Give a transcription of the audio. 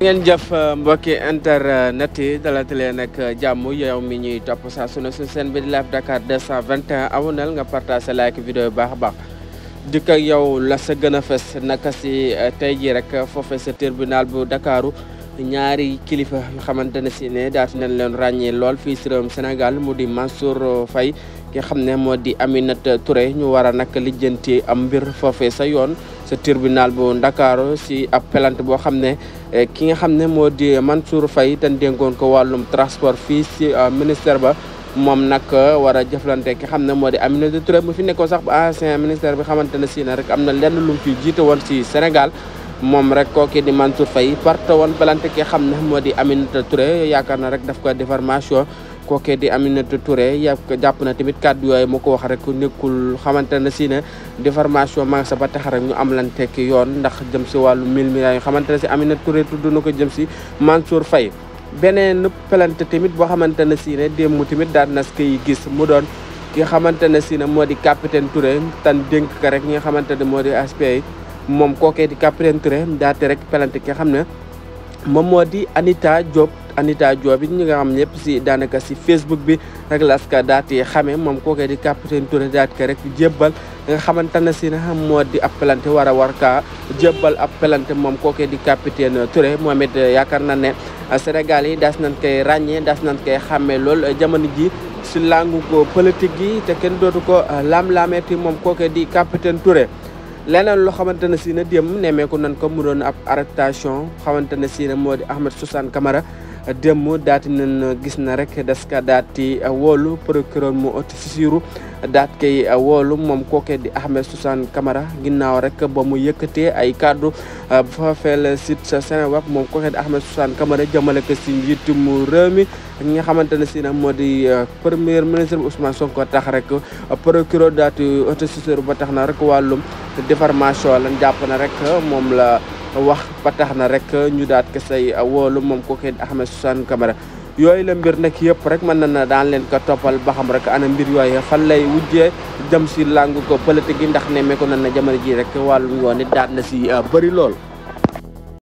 ngeen jëf euh, mbokki internet yi dalatalee nag jàmm yow mi ñuy topp saa su seen bi di Live Dakar 221 nga partagé like vidéo yu baax a baax dikk ak yow la sa gën a fes naka si euh, tey jii rek foofe sa tribunal bu Dakaru ñaari kilifa yu xamante ne si ne daati nañ leen ràññee lool fii si réewum Sénégal mu di Mansour Faye ki xam ne moo di na ture ñu war a nag lijjanti am mbir foofe sa yoon sa tribunal bu Ndakaaru si ab pelante boo xam ne eh, ki nga xam ne moo di Mansour Faye te dénkoon ko wàllum transport fii si eh, ministère ba moom nag eh, war a jëflante xam ne moo di Aminata Touré mu fi nekkoon sax ba ancien ministère bi xamante ne si ne rek am na lenn lu mu fi jiite woon si Sénégal moom rek kooki di Mansour fay parte woon pelante ki xam ne moo di Aminata Touré yaakaar na rek daf ko déformation kooke di aminatu touré yàpp ya ko jàpp na tamit kàddu yooyu ma ko wax rek nekkul xamante na si ne déformation maa ngi sa ba tax rek ñu amlante ki yoon ndax jëm si wàllu mille milliards yi si aminatu touré tudd na jëm si mansour fay beneen plante tamit boo xamante na si ne démb tamit daan na kay gis mu doon ki xamante si ne moo di capitaine touré tan dénk ko rek ñi xamante ne moo di aspect yi moom kooke di capitaine touré daate rek plante ki xam ne moom di anita job Anita Diop it ñi nga xam ñëpp si daanaka si Facebook bi rek la askan daal moom kooku di capitaine Touré daal di ko rek jébbal nga xamante ne si nag moo di ab pelante war a war kaa jébbal ab pelante moom kooku di capitaine Touré moom it yaakaar na ne Sénégal yi daas nañ koy ràññee daas nañ ke xàmmee lool jamono ji si langu ko politique yi te kenn dootu ko laam-laameeti moom kooku di capitaine Touré. leneen loo xamante ne si na démb nemmeeku nan ko mu doon ab arrestation xamante ne si na moo di Ahmed Suzanne Camara démb daati na gis na rek des ka daati woolu procureur mu ëtt sisiru daat kay woolu moom kooke di Ahmed Suzanne Camara ginnaaw rek ba mu yëkkatee ay kàddu ba fa feel site Seneweb moom kooke di Ahmed Suzanne Camara jëmale ko si njiitu mu réew mi ak nga xamante ne si na moo di euh, premier ministre bi Ousmane Sonko tax rek euh, procureur daati ëtt sisiru ba tax na rek wàllum déformation lan jàpp na rek euh, moom la wax patax na rek ñu daat ke say wolu mom ko kee ahmed soussane camara yooyu la mbir nag yëpp rek mën na daan leen ko toppal ba xam rek ana mbir yooyu fan lay wujjee jëm si làng ko politique yi ndax ne mekko na na jamono ji rek wàllu ngoon daat na si eh, bëri lool